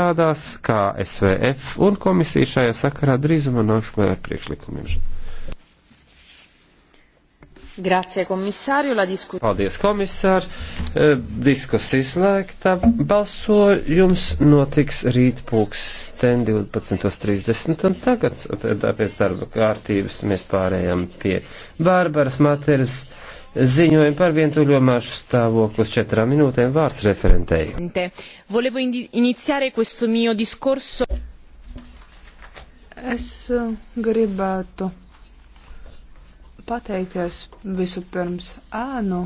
tādās kā SVF, un komisija šajā sakarā drīzumā nāks klāt ar priekšlikumiem. Grazie, komisāriju, la diskusija. Paldies, komisār. E, diskusija izslēgta. Balsojums notiks rīt pulksten 12.30, un tagad pēc darba kārtības mēs pārējām pie Bārbaras Materas ziņojumu par vientuļo mašu stāvokli uz četrām minūtēm vārds referentēji. Volevo iniciare questo mio discorso. Es eh, gribētu pateikties visupirms ēnu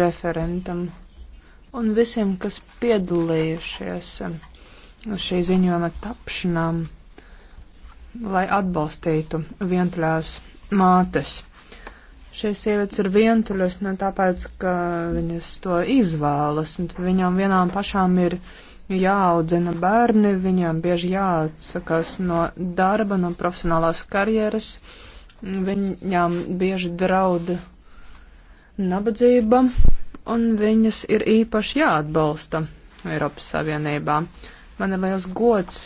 referentam un visiem, kas piedalījušies eh, šī ziņojuma tapšanām, lai atbalstītu vientuļās mātes. Šīs sievietes ir vientuļas, ne nu, tāpēc, ka viņas to izvēlas, un viņām vienām pašām ir jāaudzina bērni, viņām bieži jāatsakās no darba, no profesionālās karjeras, viņām bieži drauda nabadzība, un viņas ir īpaši jāatbalsta Eiropas Savienībā. Man ir liels gods,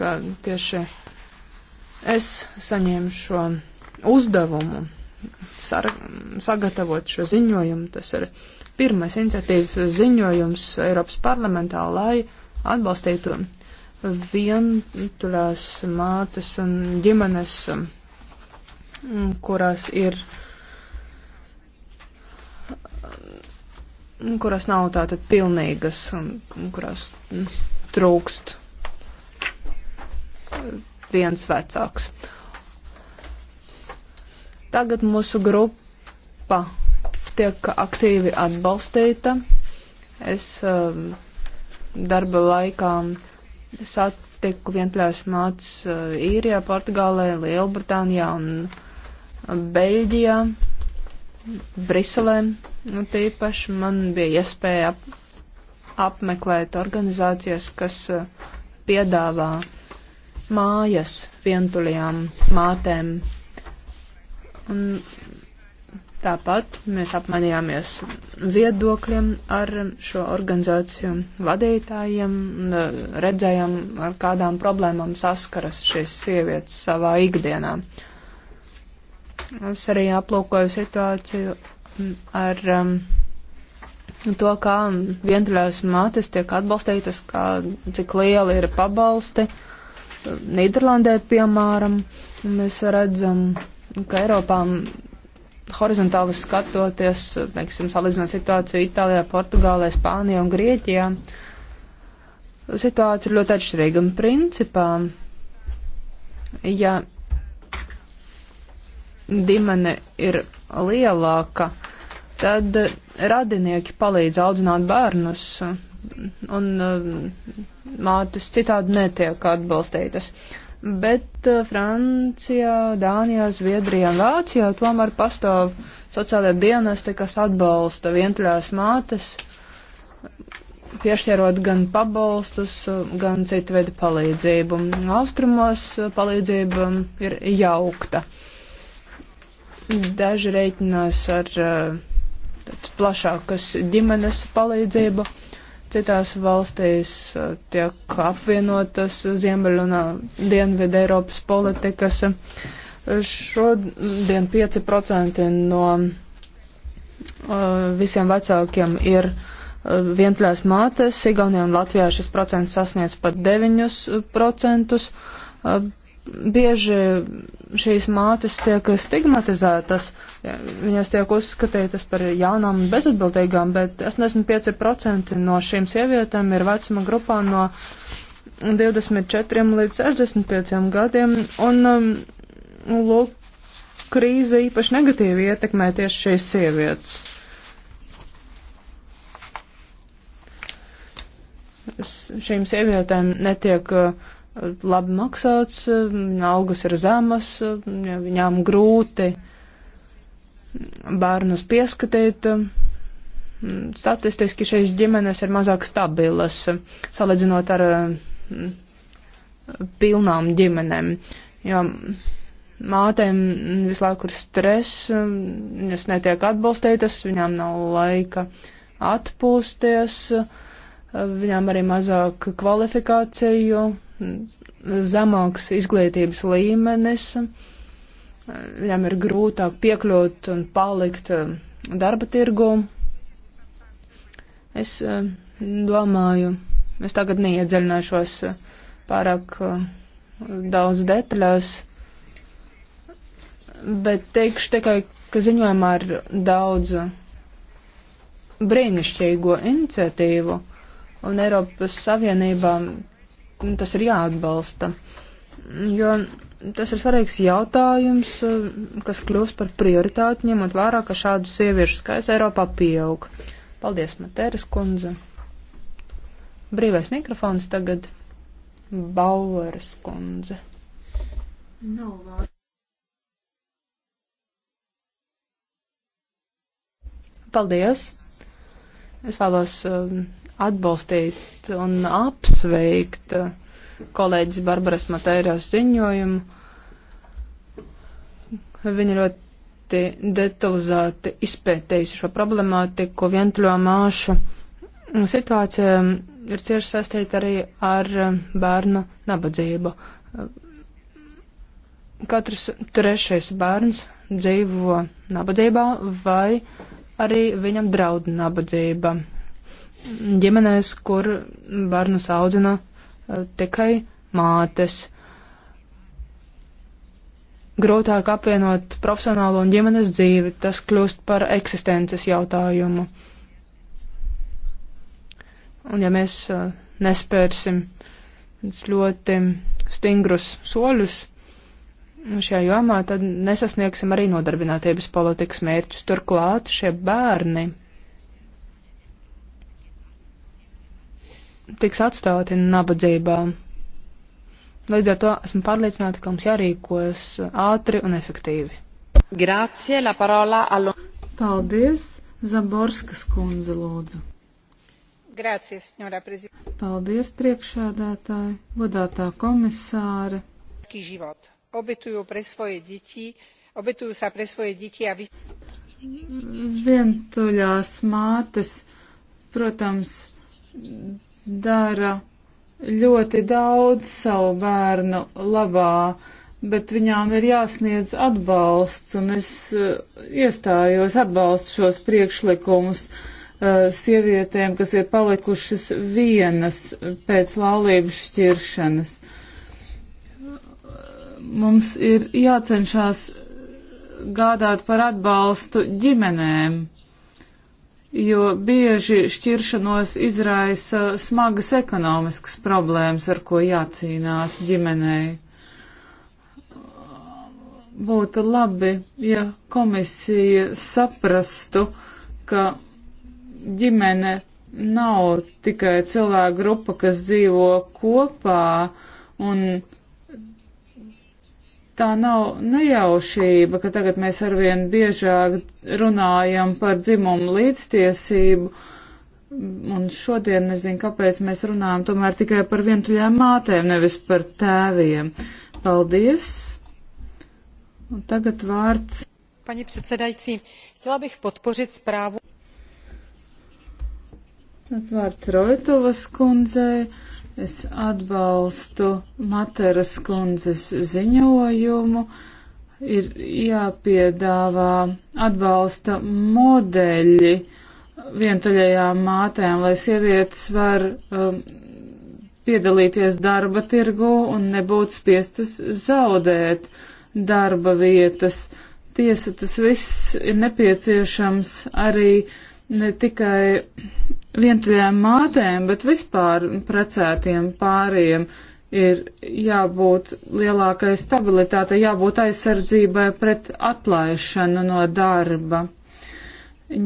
ka tieši es saņēmu šo uzdevumu sar, sagatavot šo ziņojumu. Tas ir pirmais iniciatīvas ziņojums Eiropas parlamentā, lai atbalstītu vientuļās mātes un ģimenes, mm, kurās ir mm, kurās nav tātad pilnīgas un kurās mm, trūkst viens vecāks. Uh, Tagad mūsu grupa tiek aktīvi atbalstīta. Es um, darba laikā satiku vienpļās māts uh, Īrijā, Portugālē, Lielbritānijā un Beļģijā, Briselē. Nu, tīpaši man bija iespēja ap, apmeklēt organizācijas, kas uh, piedāvā mājas vientuļajām mātēm Un tāpat mēs apmainījāmies viedokļiem ar šo organizāciju vadītājiem, uh, redzējām, ar kādām problēmām saskaras šīs sievietes savā ikdienā. Es arī aplūkoju situāciju ar um, to, kā vientuļās mātes tiek atbalstītas, kā, cik liela ir pabalsti. Nīderlandē, piemēram, mēs redzam ka Eiropā horizontāli skatoties, teiksim, salīdzinot situāciju Itālijā, Portugālē, Spānijā un Grieķijā, situācija ir ļoti atšķirīga. Un principā, ja ģimene ir lielāka, tad radinieki palīdz audzināt bērnus, un mātes citādi netiek atbalstītas. Uh, bet uh, Francijā, Dānijā, Zviedrijā un Vācijā tomēr pastāv sociālajā dienesti, kas atbalsta vientuļās mātes, piešķirot gan pabalstus, gan citu veidu palīdzību. Austrumos palīdzība ir jaukta. Daži reiķinās ar uh, plašākas ģimenes palīdzību. Mm Citās valstīs uh, tiek apvienotas Ziemeļu un Dienvidu Eiropas politikas. Uh, šodien 5% no uh, visiem vecākiem ir vientuļās mātes. Igaunijā un Latvijā šis procents sasniedz pat 9% bieži šīs mātes tiek stigmatizētas, viņas tiek uzskatītas par jaunām un bezatbildīgām, bet 85% no šīm sievietēm ir vecuma grupā no 24 līdz 65 gadiem, un um, nu, lūk, krīze īpaši negatīvi ietekmē tieši šīs sievietes. Šīm sievietēm netiek uh, labi maksāts, algas ir zemas, viņām grūti bērnus pieskatīt. Statistiski šīs ģimenes ir mazāk stabilas, salīdzinot ar mm, pilnām ģimenēm, jo mātēm visu laiku ir stress, viņas netiek atbalstītas, viņām nav laika atpūsties, viņām arī mazāk kvalifikāciju, zemāks izglītības līmenis, viņam ir grūtāk piekļūt un palikt eh, darba tirgu. Es eh, domāju, es tagad neiedziļināšos eh, pārāk daudz detaļās, bet teikšu tikai, ka ziņojumā ir daudz brīnišķīgo iniciatīvu, un Eiropas Savienībā tas ir jāatbalsta. Jo tas ir svarīgs jautājums, kas kļūst par prioritāti, ņemot vērā, ka šādu sieviešu skaits Eiropā pieaug. Paldies, Matēras kundze. Brīvais mikrofons tagad Baueras kundze. Nav vārdu. Paldies! Es vēlos um, atbalstīt un apsveikt kolēģis Barbaras Matēras ziņojumu. Viņa ļoti detalizēti izpētējusi šo problemātiku, vientuļo māšu situācija ir cieši saistīta arī ar bērnu nabadzību. Katrs trešais bērns dzīvo nabadzībā vai arī viņam draud nabadzība ģimenēs, kur bērnus audzina eh, tikai mātes. Grūtāk apvienot profesionālo un ģimenes dzīvi, tas kļūst par eksistences jautājumu. Un ja mēs eh, nespērsim ļoti stingrus soļus šajā jomā, tad nesasniegsim arī nodarbinātības politikas mērķus. Turklāt šie bērni tiks atstāti nabadzībā. Līdz ar to esmu pārliecināta, ka mums jārīkojas ātri un efektīvi. Grazie, la parola allo. Paldies, Zaborskas kundze lūdzu. Grazie, signora prezidente. Paldies, priekšādātāji, godātā komisāre. Život. Obetujú pre svoje deti, obetujú sa pre svoje deti a vy... Vientuļās mātes, protams, dara ļoti daudz savu bērnu labā, bet viņām ir jāsniedz atbalsts, un es eh, iestājos atbalstu šos priekšlikumus eh, sievietēm, kas ir palikušas vienas pēc laulības šķiršanas. Mums ir jācenšas gādāt par atbalstu ģimenēm jo bieži šķiršanos izraisa smagas ekonomiskas problēmas, ar ko jācīnās ģimenei. Būtu labi, ja komisija saprastu, ka ģimene nav tikai cilvēku grupa, kas dzīvo kopā un tā nav nejaušība, ka tagad mēs arvien biežāk runājam par dzimumu līdztiesību, un šodien nezinu, kāpēc mēs runājam tomēr tikai par vientuļām mātēm, nevis par tēviem. Paldies! Un tagad vārds. Paņi predsedajcī, chtela bih podpořit správu. Tad vārds Roitovas kundzei. Es atbalstu Materas kundzes ziņojumu. Ir jāpiedāvā atbalsta modeļi vientuļajām mātēm, lai sievietes var um, piedalīties darba tirgu un nebūt spiestas zaudēt darba vietas. Tiesa, tas viss ir nepieciešams arī ne tikai vientuļām mātēm, bet vispār precētiem pāriem ir jābūt lielākai stabilitātei, jābūt aizsardzībai pret atlaišanu no darba.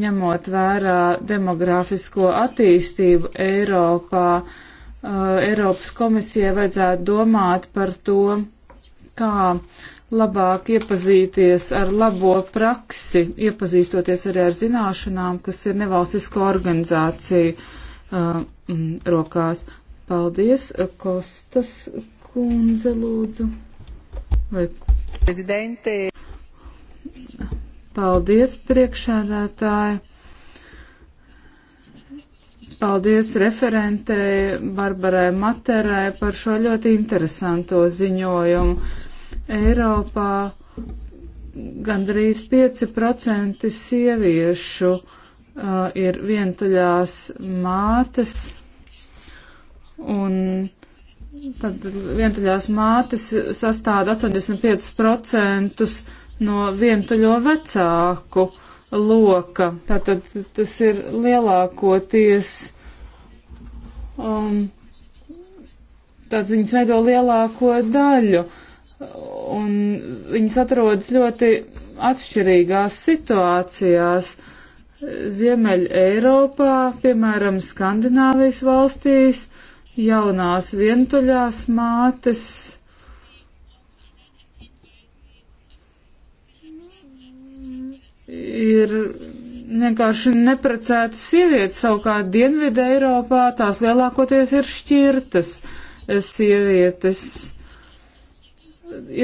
Ņemot vērā demografisko attīstību Eiropā, uh, Eiropas komisijai vajadzētu domāt par to, kā labāk iepazīties ar labo praksi, iepazīstoties arī ar zināšanām, kas ir nevalstisko organizāciju uh, mm, rokās. Paldies, Kostas kundze, lūdzu. Vai... Prezidenti. Paldies, priekšādātāji. Paldies referentei Barbarai Materai par šo ļoti interesanto ziņojumu Eiropā gandrīz 5% sieviešu uh, ir vientuļās mātes, un tad vientuļās mātes sastāda 85% no vientuļo vecāku loka. Tātad tas ir lielākoties. Um, Tāds viņas veido lielāko daļu. Uh, un viņas atrodas ļoti atšķirīgās situācijās. Ziemeļ Eiropā, piemēram, Skandināvijas valstīs, jaunās vientuļās mātes. Ir vienkārši neprecētas sievietes, savukārt Dienvidē Eiropā tās lielākoties ir šķirtas sievietes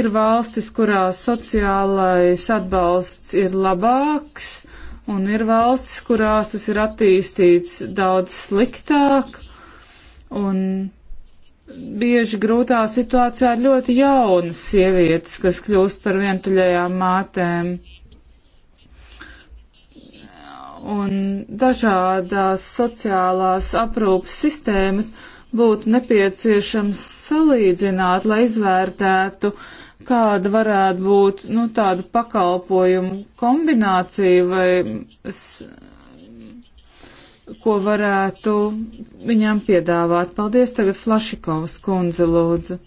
ir valstis, kurās sociālais atbalsts ir labāks, un ir valstis, kurās tas ir attīstīts daudz sliktāk, un bieži grūtā situācijā ir ļoti jaunas sievietes, kas kļūst par vientuļajām mātēm. Un dažādās sociālās aprūpas sistēmas būtu nepieciešams salīdzināt, lai izvērtētu, kāda varētu būt nu, tāda pakalpojumu kombinācija vai es, ko varētu viņam piedāvāt. Paldies tagad Flašikovas kundze lūdzu.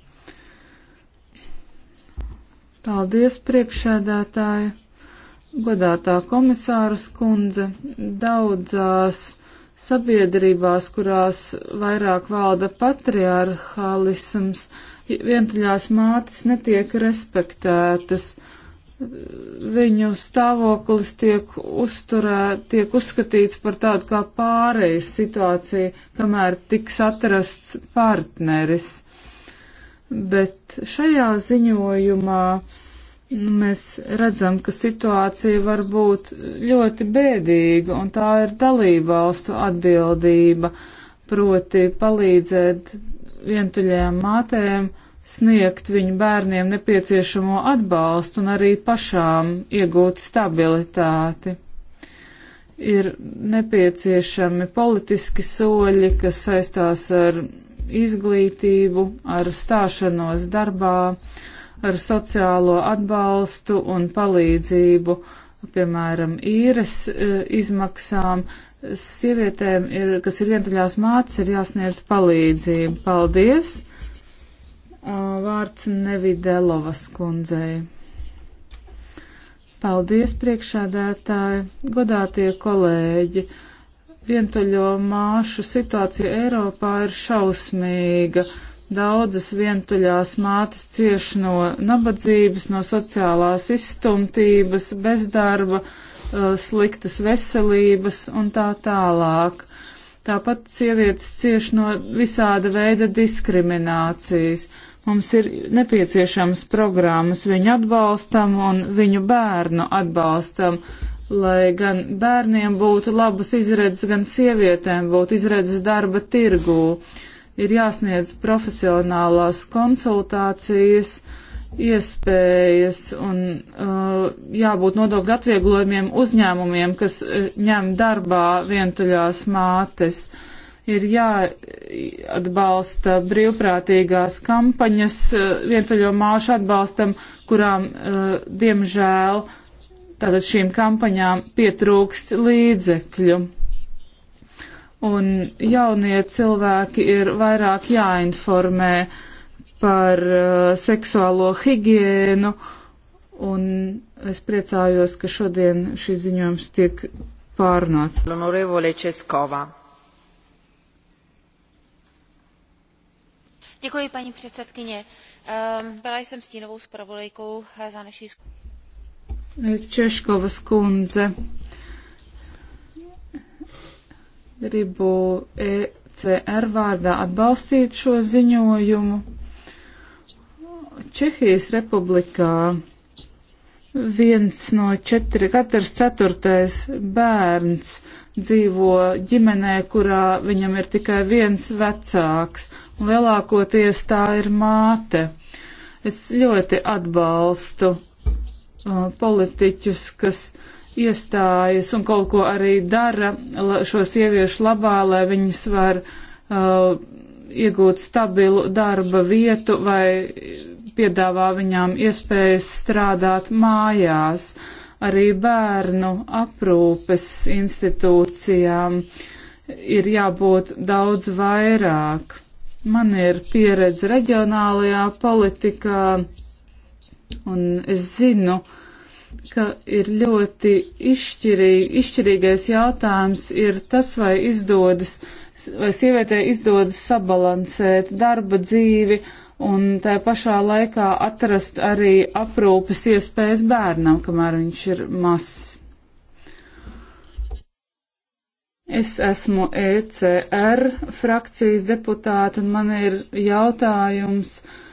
Paldies priekšēdētāji, godātā komisāras kundze, daudzās Sabiedrībās, kurās vairāk valda patriarchālisms, vientuļās mātes netiek respektētas. Viņu stāvoklis tiek, uzturē, tiek uzskatīts par tādu kā pārejas situāciju, kamēr tiks atrasts partneris. Bet šajā ziņojumā uh, Mēs redzam, ka situācija var būt ļoti bēdīga, un tā ir dalībvalstu atbildība, proti palīdzēt vientuļajām mātēm sniegt viņu bērniem nepieciešamo atbalstu un arī pašām iegūt stabilitāti. Ir nepieciešami politiski soļi, kas saistās ar izglītību, ar stāšanos darbā ar sociālo atbalstu un palīdzību, piemēram, īres e, izmaksām. Sievietēm, ir, kas ir vientuļās mātes, ir jāsniedz palīdzību. Paldies! Vārds Nevidelovas kundzei. Paldies, priekšādētāji, godātie kolēģi. Vientuļo māšu situācija Eiropā ir šausmīga. Daudzas vientuļās mātes cieš no nabadzības, no sociālās izstumtības, bezdarba, uh, sliktas veselības un tā tālāk. Tāpat sievietes cieš no visāda veida diskriminācijas. Mums ir nepieciešams programmas viņu atbalstam un viņu bērnu atbalstam, lai gan bērniem būtu labas izredzes, gan sievietēm būtu izredzes darba tirgū. Uh, ir jāsniedz profesionālās konsultācijas, iespējas un uh, jābūt nodokļu atvieglojumiem uzņēmumiem, kas uh, ņem darbā vientuļās mātes. Ir jāatbalsta brīvprātīgās kampaņas uh, vientuļo māšu atbalstam, kurām, uh, diemžēl, tātad šīm kampaņām pietrūkst līdzekļu un jaunie cilvēki ir vairāk jāinformē par uh, seksuālo higienu, un es priecājos, ka šodien šis ziņojums tiek pārnāts. Děkuji, paní předsedkyně. Um, byla jsem stínovou zpravodajkou za naší Češkovas kundze. Uh, Gribu ECR vārdā atbalstīt šo ziņojumu. Čehijas republikā viens no četri, katrs ceturtais bērns dzīvo ģimenē, kurā viņam ir tikai viens vecāks, un lielākoties tā ir māte. Es ļoti atbalstu uh, politiķus, kas uh, iestājas un kaut ko arī dara šo sieviešu labā, lai viņas var uh, iegūt stabilu darba vietu vai piedāvā viņām iespējas strādāt mājās, arī bērnu aprūpes institūcijām ir jābūt daudz vairāk. Man ir pieredze reģionālajā politikā, un es zinu, uh, ka ir ļoti izšķirīgi, izšķirīgais jautājums ir tas, vai izdodas, vai sievietē izdodas sabalansēt darba dzīvi un tā pašā laikā atrast arī aprūpes iespējas bērnam, kamēr viņš ir mazs. Es esmu ECR frakcijas deputāta un man ir jautājums. Uh,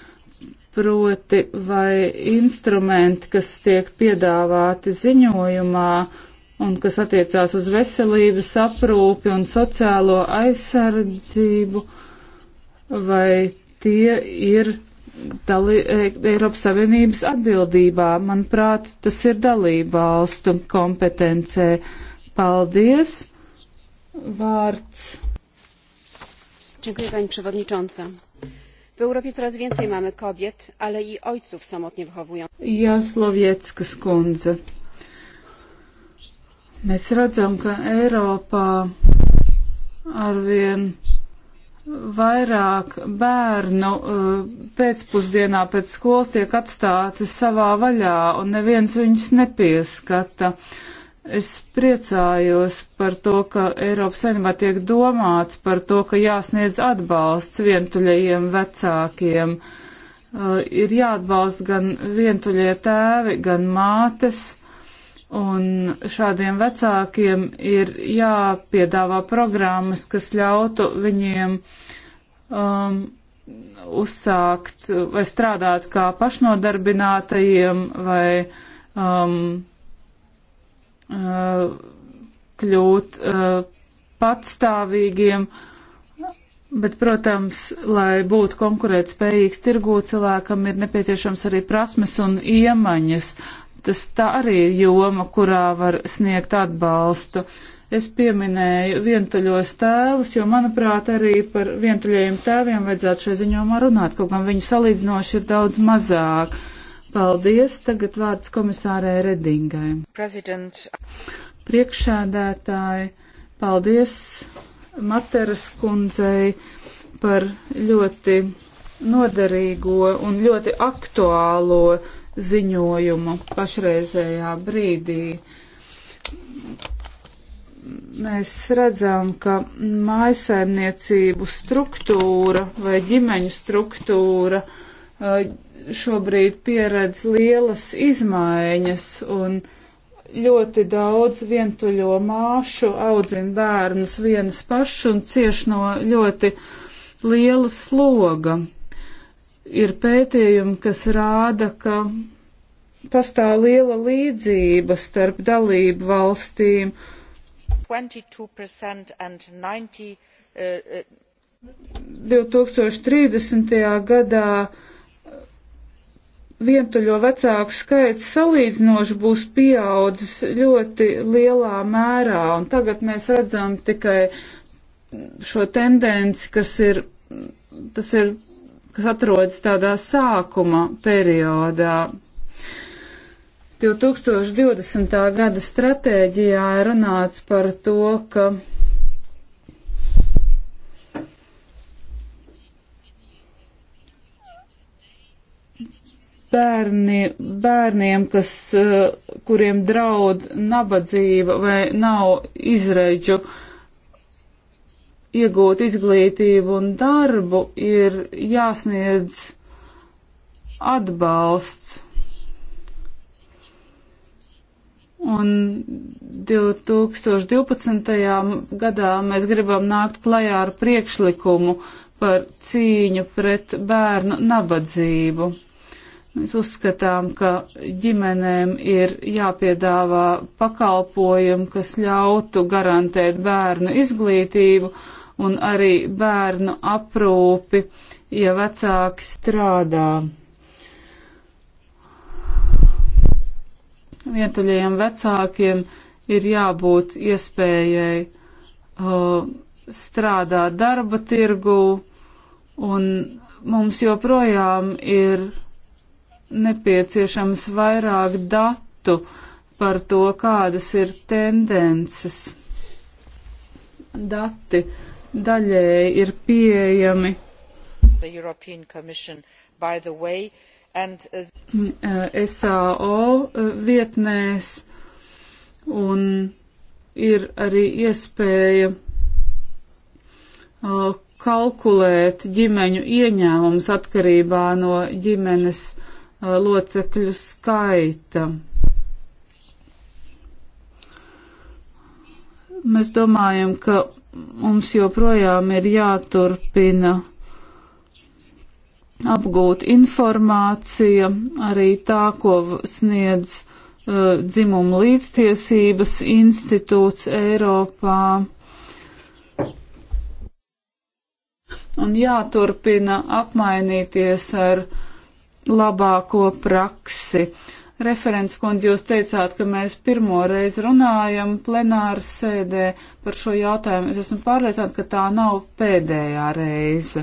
proti vai instrumenti, kas tiek piedāvāti ziņojumā un kas attiecās uz veselības aprūpi un sociālo aizsardzību, vai tie ir dali, e, Eiropas Savienības atbildībā. Manuprāt, tas ir dalībvalstu kompetencē. Paldies! Vārds. Dziękuję Pani Przewodnicząca w europie coraz więcej mamy kobiet ale i ojców samotnie wychowujących Jaslovieckas kundze Mēs redzam, ka Eiropā arvien vairāk bērnu pēcpusdienā pēc skolas tiek atstāti savā vaļā un neviens viņus nepieskata. Uh, Es priecājos par to, ka Eiropas saimnībā tiek domāts par to, ka jāsniedz atbalsts vientuļajiem vecākiem. Uh, ir jāatbalsta gan vientuļie tēvi, gan mātes, un šādiem vecākiem ir jāpiedāvā programmas, kas ļautu viņiem um, uzsākt vai strādāt kā pašnodarbinātajiem vai um, Uh, kļūt uh, patstāvīgiem, bet, protams, lai būtu konkurētspējīgs tirgū, cilvēkam ir nepieciešams arī prasmes un iemaņas. Tas tā arī ir joma, kurā var sniegt atbalstu. Es pieminēju vientuļos tēvus, jo, manuprāt, arī par vientuļajiem tēviem vajadzētu šai ziņomā runāt, kaut gan viņu salīdzinoši ir daudz mazāk. Uh, Paldies. Tagad vārds komisārai Redingai. President. Priekšēdētāji, paldies Materas kundzei par ļoti noderīgo un ļoti aktuālo ziņojumu pašreizējā brīdī. Mēs redzam, ka mājsaimniecību struktūra vai ģimeņu struktūra uh, šobrīd pieredz lielas izmaiņas un ļoti daudz vientuļo māšu audzina bērnus vienas pašas un cieš no ļoti liela sloga. Ir pētījumi, kas rāda, ka pastāv liela līdzība starp dalību valstīm. 22% and 90, uh, 2030. Uh, gadā vientuļo vecāku skaits salīdzinoši būs pieaudzis ļoti lielā mērā, un tagad mēs redzam tikai šo tendenci, kas ir, tas ir, kas atrodas tādā sākuma periodā. 2020. gada stratēģijā ir runāts par to, ka bērni, bērniem, kas, eh, kuriem draud nabadzība vai nav izreģu iegūt izglītību un darbu, ir jāsniedz atbalsts. Un 2012. gadā mēs gribam nākt klajā ar priekšlikumu par cīņu pret bērnu nabadzību. Mēs uzskatām, ka ģimenēm ir jāpiedāvā pakalpojumi, kas ļautu garantēt bērnu izglītību un arī bērnu aprūpi, ja vecāki strādā. Vietuļajiem vecākiem ir jābūt iespējai uh, strādāt darba tirgu, un mums joprojām ir nepieciešams vairāk datu par to, kādas ir tendences. Dati daļēji ir pieejami. Way, and, uh... Mm, uh SAO uh, vietnēs un ir arī iespēja uh, kalkulēt ģimeņu ieņēmumus atkarībā no ģimenes Uh, locekļu skaita. Mēs domājam, ka mums joprojām ir jāturpina apgūt informācija, arī tā, ko sniedz uh, dzimumu līdztiesības institūts Eiropā. Un jāturpina apmainīties ar uh, labāko praksi. Referents kundze, jūs teicāt, ka mēs pirmo reizi runājam plenāra sēdē par šo jautājumu. Es esmu pārliecināta, ka tā nav pēdējā reize.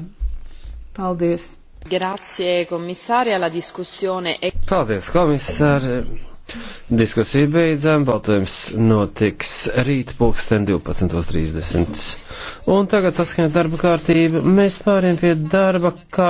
Paldies. Grazie, komisārija, la diskusione. Paldies, komisāri. Diskusija beidzām, baltojums notiks rīt pulksten 12.30. Un tagad saskaņot darba kārtību, mēs pāriem pie darba kārtības.